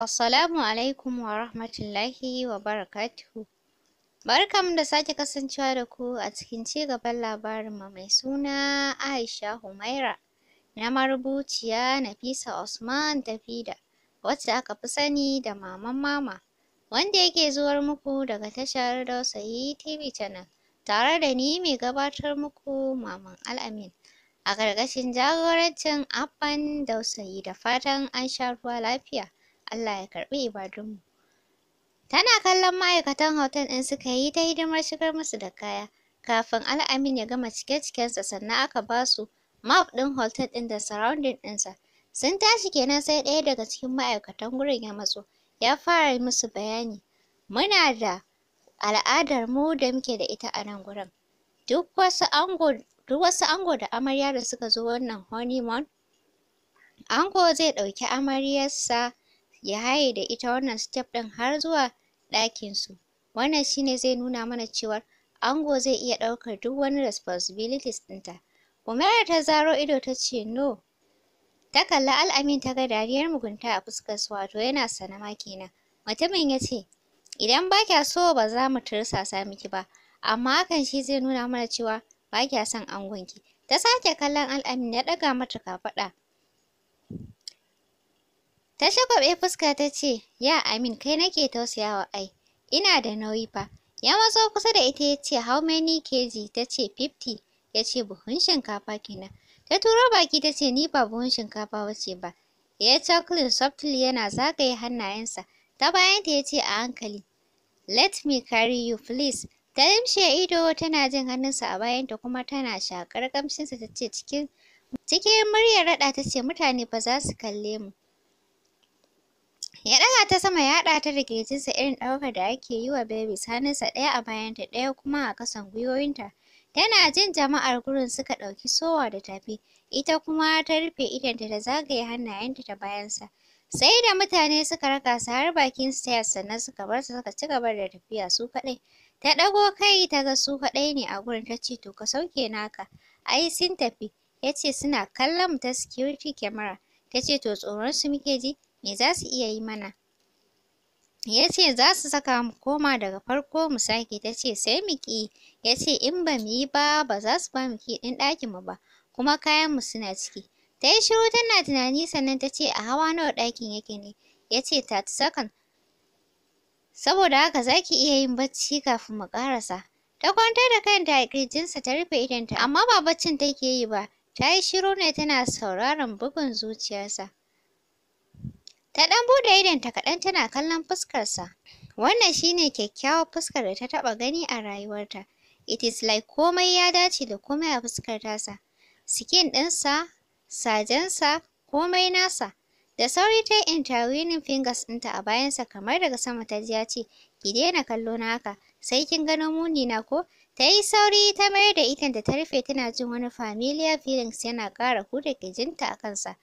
Assalamu alaikum wa rahmatullahi wa barakatuhu. Barkam da sake kasancewa da ku a cikin ci gaban labarinmu mai suna Aisha Humaira na marubuciya Nafisa Usman Tafida wacce aka fi sani da Maman Mama wanda yake zuwar muku daga tashar Dausayi TV Channel tare da ni mai gabatar muku Maman Al'amin a gargashin jagorancin Affan Dausayi da fatan an sha ruwa lafiya. Allah ya karɓi ibadunmu. Tana kallon ma'aikatan hotel ɗin suka yi ta hidimar shigar musu da kaya. Kafin Al'amin ya gama cike-cikensa sannan aka ba su map ɗin hotel ɗin da surrounding ɗinsa. Sun tashi kenan sai ɗaya daga cikin ma'aikatan gurin ya matso. Ya fara musu bayani. Muna da al'adar mu da muke da ita a nan gurin. Duk wasu ango duk wasu ango da amarya da suka zo wannan honeymoon ango zai ɗauki amaryarsa ya haye da ita wannan step ɗin har zuwa ɗakinsu. Wannan shine zai nuna mana cewar ango zai iya ɗaukar duk wani responsibilities ɗinta. Umaira ta zaro ido ta ce no. Ta kalla Al'amin ta ga dariyar mugunta a fuskar su wato yana sanama kenan. Mutumin ya ce, idan ba kya so ba za mu tursasa miki ba, amma hakan shi zai nuna mana cewa ba kya son angonki. Ta sake kallon Al'amin ya ɗaga mata kafaɗa. Ta shagwabe fuska ta ce, Ya Amin, kai nake tausayawa ai, ina da nauyi fa. Ya matso kusa da ita ya ce, How many kg? Ta ce, 50. Ya ce, Buhun shinkafa kenan. Ta turo baki ta ce, Ni ba buhun shinkafa wace ba. Ya chuckle softly yana zagaye hannayensa. Ta bayanta ya ce a hankali, Let me carry you please. Ta limshe ido tana jin hannunsa a bayanta kuma tana shakar kamshinsa ta ce cikin muryar raɗa ta ce mutane ba za su kalle mu. Ya ɗaga ta sama ya haɗa ta da ƙirjinsa irin ɗaukar da ake yi wa babies hannunsa ɗaya a bayanta ɗaya kuma a kasan gwiwoyinta. Tana jin jama'ar gurin suka ɗauki sowa da tafi, ita kuma ta rufe idonta ta zagaye hannayenta ta bayansa. Sai da mutane suka raka su har bakin stairs sannan suka bar su suka ci gaba da tafiya su kaɗai. Ta ɗago kai ta ga su kaɗai ne a gurin ta ce to ka sauke naka, ai sun tafi. Ya ce suna kallon mu ta security camera. Ta ce to tsoron su muke ji? me za su iya yi mana ya ce za su saka mu koma daga farko mu sake ta ce sai mu ki. ya ce in ba mu yi ba ba za su ba mu ki ɗin ɗakin mu ba kuma kayan mu suna ciki ta yi shiru tana tunani sannan ta ce a hawa nawa ɗakin yake ne ya ce thirty second saboda haka za ki iya yin bacci kafin mu ƙarasa ta kwantar da kanta a ƙirjinsa ta rufe idonta amma ba baccin take yi ba ta yi shiru ne tana sauraron bugun zuciyarsa Ta ɗan buɗe idonta kaɗan tana kallon fuskarsa. Wannan shine kyakkyawar fuskar da ta taɓa gani a rayuwarta. It is like komai ya dace da komai a fuskar tasa. Skin ɗinsa, sajensa, komai nasa. Da sauri ta yi intertwining fingers ɗinta a bayansa kamar daga sama ta ji ya ce, ki daina kallo na haka, sai kin gano muni na ko? Ta yi sauri ta mayar da itan da ta rufe tana jin wani familiar feelings yana ƙara huda ƙirjinta a kansa.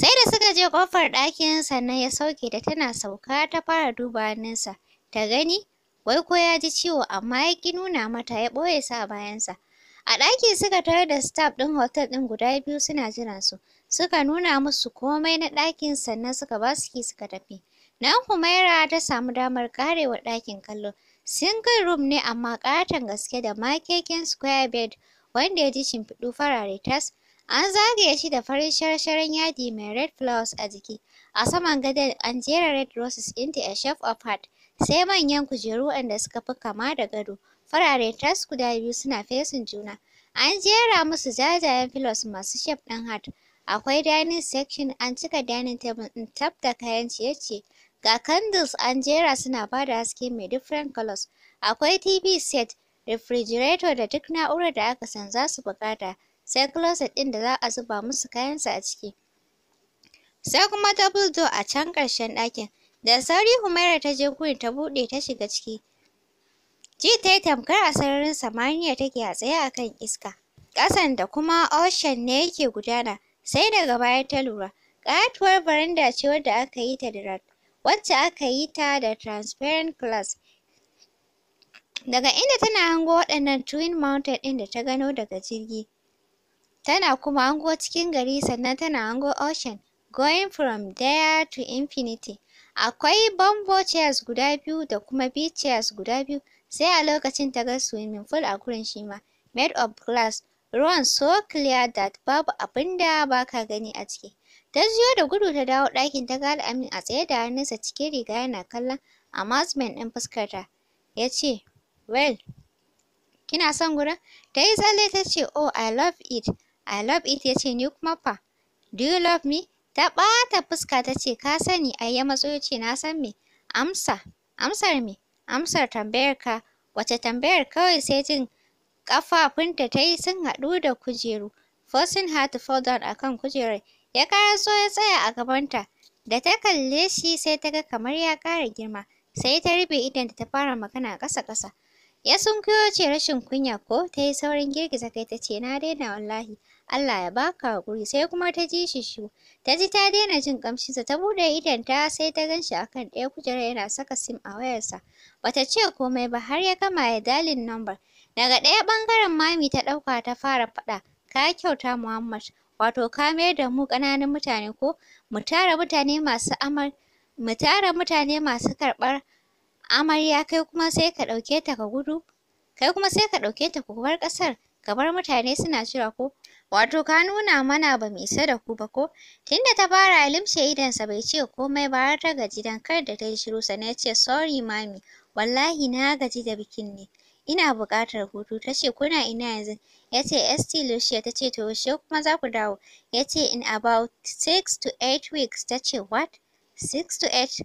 Sai da suka je ƙofar ɗakin sannan ya sauke da tana sauka ta fara duba hannunsa ta gani wai ko ya ji ciwo amma ya ƙi nuna mata ya ɓoye sa bayansa. A ɗakin suka tare da staff ɗin hotel ɗin guda biyu suna jiran su. Suka nuna musu komai na ɗakin sannan suka ba su ki suka tafi. Nan Humaira ta samu damar karewa ɗakin kallo. Single room ne amma ƙaton gaske da makekin square bed wanda ya ji shimfiɗu farare tas. An zagaye shi da farin sharsharan yadi mai red flowers a jiki. A saman gadon an jera red roses into a shelf of heart. Sai manyan kujeru wanda suka fi kama da gado. Farare tas guda biyu suna fesin juna. An jera musu jajayen pillows masu shape ɗin heart. Akwai dining section an cika dining table ɗin tab da kayan ciye-ciye. Ga candles an jera suna da haske mai different colors. Akwai TV set, refrigerator da duk na'urar da aka san za su buƙata. sai closet ɗin da za a zuba musu kayansu a ciki. Sai kuma ta buldo a can ƙarshen ɗakin. Da sauri Humaira ta je kuri ta buɗe ta shiga ciki. Ji ta yi tamkar a sararin samaniya take a tsaye a kan iska. Ƙasan da kuma ocean ne yake gudana, sai daga baya ta lura. Ƙayatuwar baranda ce wadda aka yi ta da wacce aka yi ta da transparent glass. Daga inda tana hango waɗannan twin mountain ɗin da ta gano daga jirgi. Tana kuma hango cikin gari sannan tana hango ocean going from there to infinity. Akwai bambo chairs guda biyu da kuma beach chairs guda biyu sai a lokacin ta ga swimming pool a gurin shi ma made of glass ruwan so clear that babu abin da ba gani a ciki. Ta jiyo da gudu ta dawo ɗakin ta ga Al'amin a tsaye da hannunsa cikin riga yana kallon announcement ɗin fuskarta. Ya ce, Well, kina son gurin? Ta yi tsalle ta ce, Oh, I love it. I love it ya ce ni kuma fa. Do you love me? Ta ɓata fuska ta ce ka sani ai ya matso ya ce na san me. Amsa. Amsar me? Amsar tambayar ka. Wace tambayar kawai sai jin ƙafafunta ta yi sun haɗu da kujeru. Forcing her to fall down a kan kujerar. Ya so ya tsaya a gabanta. Da ta kalle shi sai ta ga kamar ya ƙara girma. Sai ta rufe idan ta fara magana ƙasa-ƙasa. Ya sunkuyo ce rashin kunya ko ta yi saurin girgiza kai ta ce na daina wallahi. Allah ya baka haƙuri sai kuma ta ji shi Ta ji ta daina jin kamshinsa. ta buɗe idonta sai ta gan shi a ɗaya kujera yana saka sim a wayarsa. Bata ce komai ba har ya gama ya dalin number Daga ɗaya ɓangaren mami ta ɗauka ta fara faɗa. Ka kyauta Muhammad. Wato ka mayar da mu kananan mutane ko? Mu mutane masu amar mu tara mutane masu karɓar amarya kai kuma sai ka ɗauke ta ka gudu kai kuma sai ka ɗauke ta ku bar ƙasar ka bar mutane suna cewa ko wato ka nuna mana ba mu isa da ku ba ko tunda ta fara limshe idonsa bai ce komai ba har ta gaji dan kar da ta yi shiru sannan ya ce sorry mami wallahi na gaji da bikin ne ina buƙatar hutu ta ce kuna ina yanzu ya ce st lucia ta ce to yaushe kuma za ku dawo ya ce in about six to eight weeks ta ce what six to eight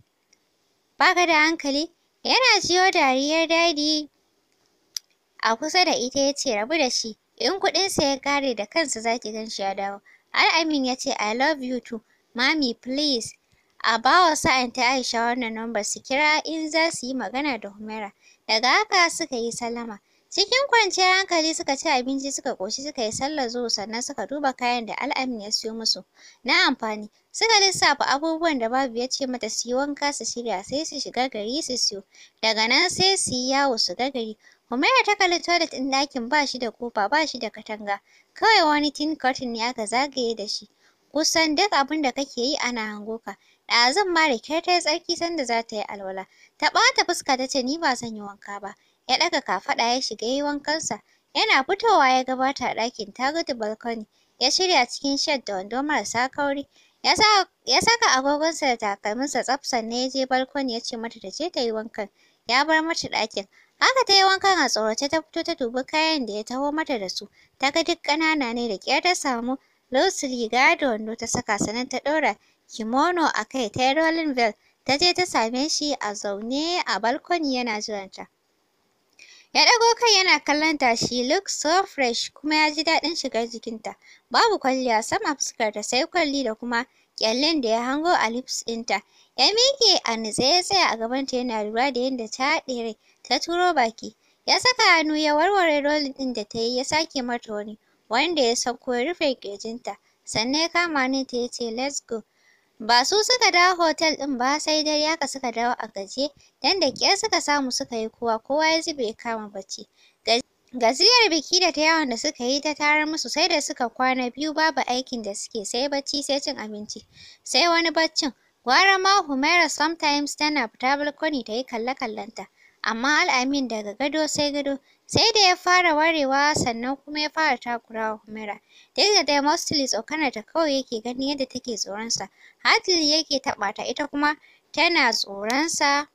ba ka da hankali Yana siyo dariyar dadi a kusa da ita ya ce rabu da shi, in kuɗinsa ya ƙare da kansa zaki ki shi ya dawo. Al Amin ya ce I love you too, mami please. A bawa wa sa'anta Aisha wannan lambar su kira in za su yi magana da Humaira. Daga haka suka yi sallama. Cikin kwanciyar hankali suka ci abinci suka ƙoshi suka yi sallar zuwa sannan suka duba kayan da al'amin ya siyo musu na amfani. Suka lissafa abubuwan da babu ya ce mata su yi wanka su shirya sai su shiga gari su siyo. Daga nan sai su yi yawo su ga gari. Humaira ta kalli toilet ɗin ɗakin ba shi da kofa ba shi da katanga. Kawai wani tin curtain ne aka zagaye da shi. Kusan duk abin da kake yi ana hango ka. zan ma da ke ta yi tsarki sanda za ta yi alwala. Ta ɓata fuska ta ce ni ba zan yi wanka ba. Ya ɗaga kafaɗa ya shiga ya yi wankansa. Yana fitowa ya gabata a ɗakin ta gudu balkoni. Ya shirya cikin shed da wando marasa kauri. Ya saka agogonsa da takalminsa tsaf sannan ya je balkoni ya ce mata da je ta yi wankan. Ya bar mata ɗakin. Haka ta yi wankan a tsorace ta fito ta dubi kayan da ya taho mata da su. Ta ga duk ƙanana ne da ƙyar ta samu loose riga da wando ta saka sannan ta ɗora kimono a kai ta yi rolling bell. Ta je ta same shi a zaune a balkoni yana jiranta. Ya ɗago kai yana kallon ta she looks so fresh kuma ya ji daɗin shigar jikinta. Babu kwalliya sama ta sai kwalli da kuma ƙyallen da ya hango a lips ɗinta. Ya miƙe a nutse ya tsaya a gabanta yana lura da yadda ta haɗe rai ta turo baki. Ya saka hannu ya warware rolling ɗin da ta yi ya sake mata wani wanda ya sauko ya rufe ƙirjinta. Sannan ya kama hannunta ya ce let's go. Ba su suka dawo hotel ɗin ba sai dare haka suka dawo a gaje dan da ƙyar suka samu suka yi kowa kowa ya zube ya kama bacci. Gaziyar biki da ta yawan da suka yi ta tarar musu sai da suka kwana biyu babu aikin da suke sai bacci sai cin abinci sai wani baccin. Gwara ma Humaira sometimes tana fita balkoni ta yi kalle-kallenta amma Al'amin daga gado sai gado sai da ya fara warewa sannan kuma ya fara takurawa Humaira duk da dai mostly kawai yake ganin yadda take tsoron sa yake taɓa ta ita kuma tana tsoronsa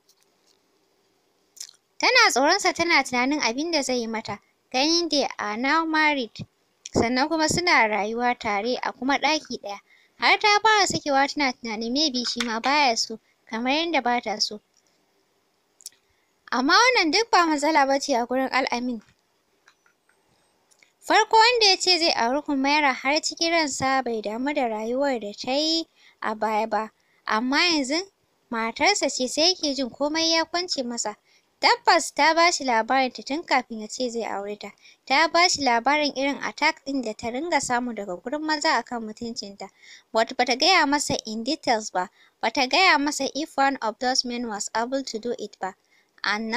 tana tsoron tana tunanin abin da zai yi mata ganin they a now married sannan kuma suna rayuwa tare a kuma ɗaki ɗaya har ta fara sakewa tana tunanin maybe shi ma baya so kamar yadda bata so Amma wannan duk ba matsala ba ce a gurin Al'amin. Farko wanda ya ce zai auri Humaira har cikin ransa bai damu da rayuwar da ta yi a baya ba, amma yanzu matarsa ce sai yake jin komai ya kwance masa. Tabbas ta ba shi labarinta tun kafin ya ce zai aure ta. Ta ba shi labarin irin attack ɗin da ta ringa samu daga gurin maza a kan mutuncinta. wat ba gaya masa in details ba, bata gaya masa if one of those men was able to do it ba. And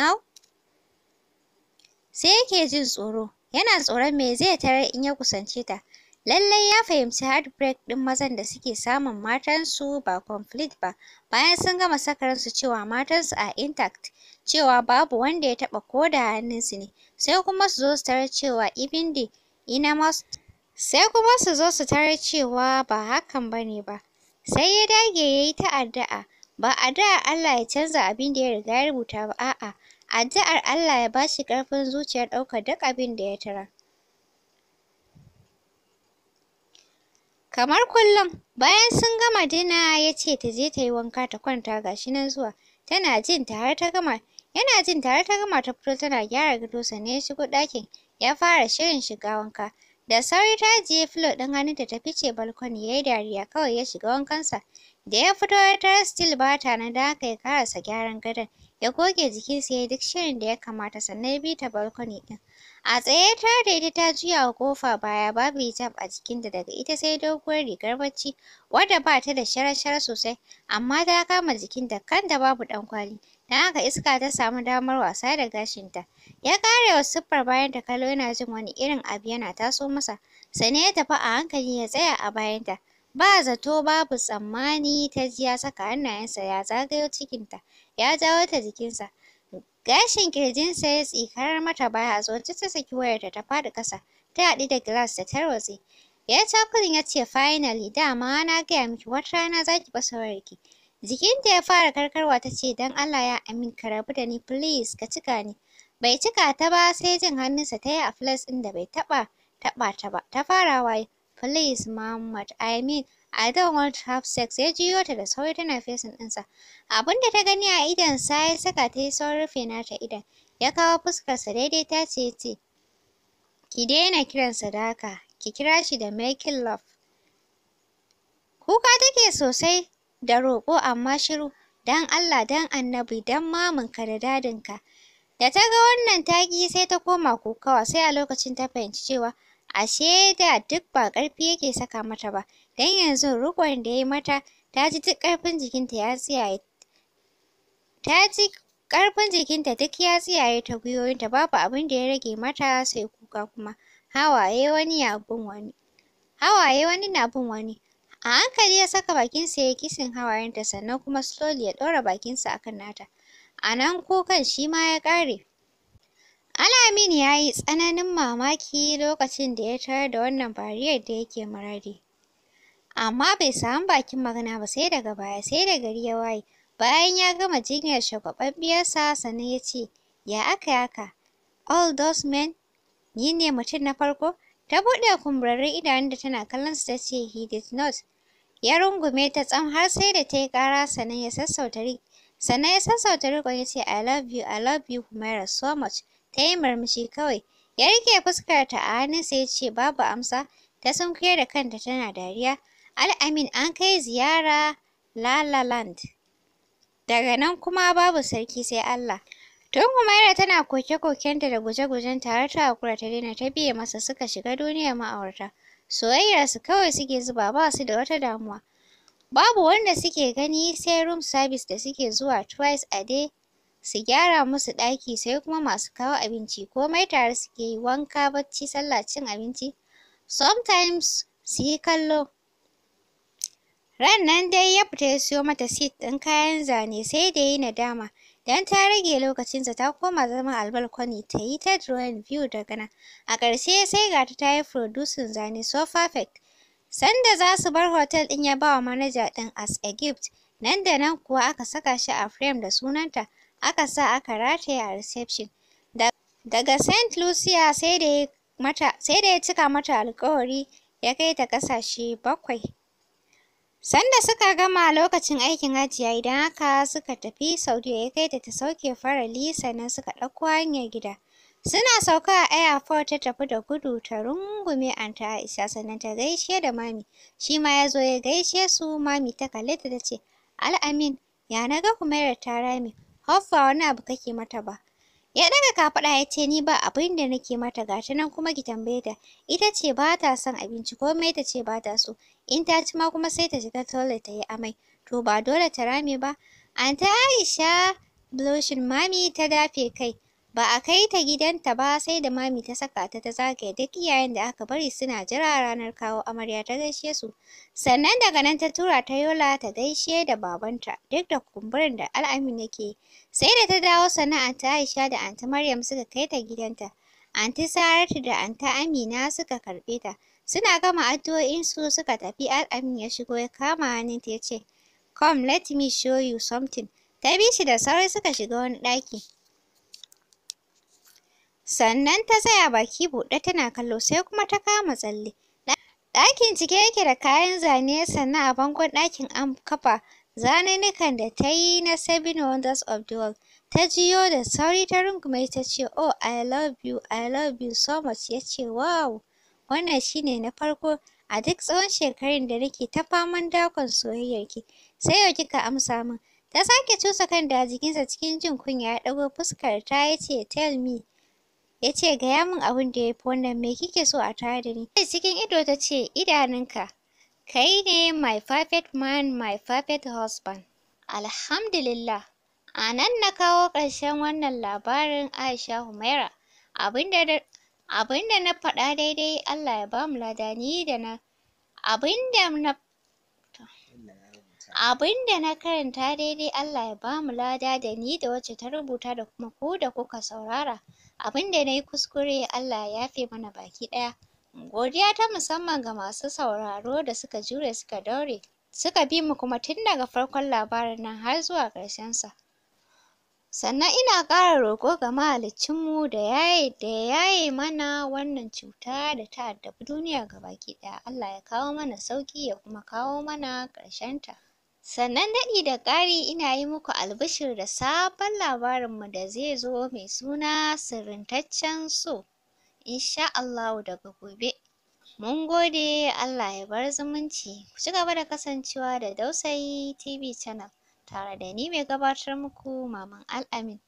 Sai yake jin tsoro, yana tsoron me zai tarar in ya kusance ta. Lallai ya fahimci heartbreak ɗin mazan da suke samun matansu ba complete ba, bayan sun gama saka ransu cewa matansu a intact, cewa babu wanda ya taɓa ko da hannunsu ne, sai kuma su zo su tarar cewa even the sai kuma su zo su tarar cewa ba hakan bane ba. Sai ya dage yayi ta addu'a. Ba da Allah ya canza abin da ya riga ya rubuta ba, a'a, addu'ar Allah ya bashi shi ƙarfin zuciya ɗaukar duk abin da ya tara. Kamar kullum, bayan sun gama dina ya ce ta je ta yi wanka ta kwanta ga shi nan zuwa. Tana jin ta har ta gama, yana jin ta har ta gama ta fito tana gyara gado sannan ya shigo ɗakin ya fara shirin shiga wanka. Da sauri ta ajiye filo ɗin hannunta ta fice balkoni ya yi dariya kawai ya shiga wankansa. Da ya fito ya tarar still ba ta nan da haka ya karasa gyaran gadon. Ya goge jikinsa ya duk shirin da ya kamata sannan ya bi ta balkoni ɗin. A tsaye ta ita ta juya wa ƙofa baya babu hijab a jikin da daga ita sai doguwar rigar bacci wadda ba ta da shara-shara sosai amma ta kama jikinta da babu ɗankwali. don haka iska ta samu damar wasa da gashinta. Ya karewa wa siffar bayanta kallo yana jin wani irin abu yana taso masa, sannan ya tafi a hankali ya tsaya a bayanta. Ba zato babu tsammani ta ji ya saka hannayensa ya zagayo cikinta, ya jawo ta jikinsa. Gashin ƙirjinsa ya tsikarar mata baya a tsorace ta saki wayarta ta faɗi ƙasa, ta haɗu da gilas ta tarwatse. Ya yi cakulin ya ce finally dama na gaya miki wata rana za ki fasa wayarki. Jikinta ya fara karkarwa ta ce, Don Allah ya amin ka rabu da ni, please ka cika ni. Bai cika ta ba sai jin hannunsa ta yi a flas ɗin da bai taɓa taɓa ta ba. Ta fara waye, please Muhammad, I mean, I don't want to have sex. Ya jiyo ta da sauri tana fesin ɗinsa. Abin ta gani a idon sa ya saka ta yi saurin rufe ta idon. Ya kawo fuskarsa daidai ta ce ce, Ki daina kiran da ki kira shi da making love. Kuka take sosai. da roƙo amma shiru dan Allah dan annabi dan mamanka da dadinka da ta ga wannan taƙi sai ta koma kokawa sai a lokacin ta fahimci cewa ashe da duk ba ƙarfi yake saka mata ba dan yanzu riƙon da ya yi mata ta ji duk ƙarfin jikinta ya tsiyaye ta ji ƙarfin jikinta duk ya tsiyaye ta babu abin da ya rage mata sai kuka kuma hawaye wani wani hawaye wani na bin wani A hankali ya saka bakinsa ya kisin hawayenta sannan kuma slowly ya ɗora bakinsa akan nata. A nan kukan shi ma ya ƙare. Alamin ya yi tsananin mamaki lokacin da ya tarar da wannan bariyar da yake maradi. Amma bai samu bakin magana ba sai daga baya sai da gari ya waye. Bayan ya gama jinyar shagwaɓaɓɓiyarsa sannan ya ce, Ya aka yaka? All those men? Ni ne mutum na farko? Ta buɗe kumburarrun idanun da tana su ta ce, He did not. ya rungume ta tsam har sai da ta yi ƙara sannan ya sassauta ri sannan ya sassauta riƙon ya ce I love you, I love you Humaira so much. Ta yi murmushi kawai. Ya riƙe fuskarta a hannunsa ya ce babu amsa. Ta sunkuyar da kanta tana dariya. Al'amin an kai ziyara La La Land. Daga nan kuma babu sarki sai Allah. Tun Humaira tana koke-kokenta da guje-gujen tare ta haƙura ta daina ta biye masa suka shiga duniyar ma'aurata. soyayyarsu kawai suke zuba ba su da wata damuwa babu wanda suke gani sai room service da suke zuwa twice a day su gyara musu ɗaki sai kuma masu kawo abinci komai tare suke yi wanka bacci sallah cin abinci sometimes su yi kallo ran nan dai ya fita ya siyo mata seat ɗin kayan zane sai da yi nadama Dan ta rage lokacinsa ta koma zama a ta yi ta drawing view daga nan. A ƙarshe sai ga ta yi producing zane so perfect. Sanda za su bar hotel ɗin ya ba wa manaja ɗin as a gift, nan da nan kuwa aka saka shi a frame da sunanta, aka sa aka rataya a reception. Daga St. Lucia sai da ya cika mata alƙawari ya kai ta ƙasashe bakwai. Sanda suka gama lokacin aikin Hajiya idan haka suka tafi Saudiya ya kai ta ta sauke farali sannan suka ɗauko hanyar gida. Suna sauka a airport ta tafi da gudu ta rungume Anta Aisha sannan ta gaishe da Mami. Shi ma ya zo ya gaishe su Mami ta kalle ta ce, Al'amin, ya na ga Humaira ta rame, hoffa wani abu kake mata ba. Ya ɗaga kafaɗa ya ce ni ba abin da nake mata ga nan kuma ki tambaye ta. Ita ce ba ta son abinci komai ta ce ba ta so. In ta ci ma kuma sai ta shiga toilet ta yi amai. To ba dole ta rame ba. Anta Aisha blushing mami ta dafe kai. Ba a kai ta gidanta ba sai da mami ta saka ta ta zagaya duk iyayen da aka bari suna jira ranar kawo amarya ta gaishe su. Sannan daga nan ta tura ta Yola ta gaishe da babanta duk da kumburin da al'amin yake yi. Sai da ta dawo sana'a ta Aisha da Anta Maryam suka kai ta gidanta. Anti Saratu da Anta Amina suka karɓe ta. Suna gama addu'o'in su suka tafi al'amin ya shigo ya kama hannunta ya ce, Come let me show you something. Ta bi shi da sauri suka shiga wani ɗaki. sannan ta tsaya baki buɗe tana kallo sai kuma ta kama tsalle ɗakin cike yake da kayan zane sannan a bangon ɗakin an kafa zanenukan da ta yi na seven wonders of the world ta jiyo da sauri ta rungume ta ce oh i love you i love you so much ya ce wow wannan shine na farko a duk tsawon shekarun da nake ta faman dakon soyayyarki sai yau kika amsa min ta sake cusa kan da jikinsa cikin jin kunya ya ɗago fuskar ta ya ce tell me ya ce gaya min abin da ya fi wannan me kike so a tare da ni sai cikin ido ta ce idanunka kai ne my perfect man my perfect husband alhamdulillah a nan na kawo ƙarshen wannan labarin Aisha Humaira abinda da na faɗa daidai Allah ya bamu lada ni da na abinda na da na karanta daidai Allah ya bamu lada da ni da wacce ta rubuta da kuma ku da kuka saurara abin da na yi kuskure Allah ya yafe mana baki ɗaya. Godiya ta musamman ga masu sauraro da suka jure suka daure, suka bi mu kuma tun daga farkon labarin nan har zuwa ƙarshensa. Sannan ina ƙara roƙo ga mahaliccinmu da da ya yaye mana wannan cuta da ta addabi duniya baki ɗaya. Allah ya kawo mana sauƙi ya kuma kawo mana ƙarshenta. Sannan daɗi da ƙari ina yi muku albishir da sabon labarinmu da zai zo mai suna sirrintaccen so, insha Allahu daga gobe. Mun gode Allah ya bar zumunci, ku ci gaba da kasancewa da Dausayi TV Channel tare da ni mai gabatar muku Maman Al'amin.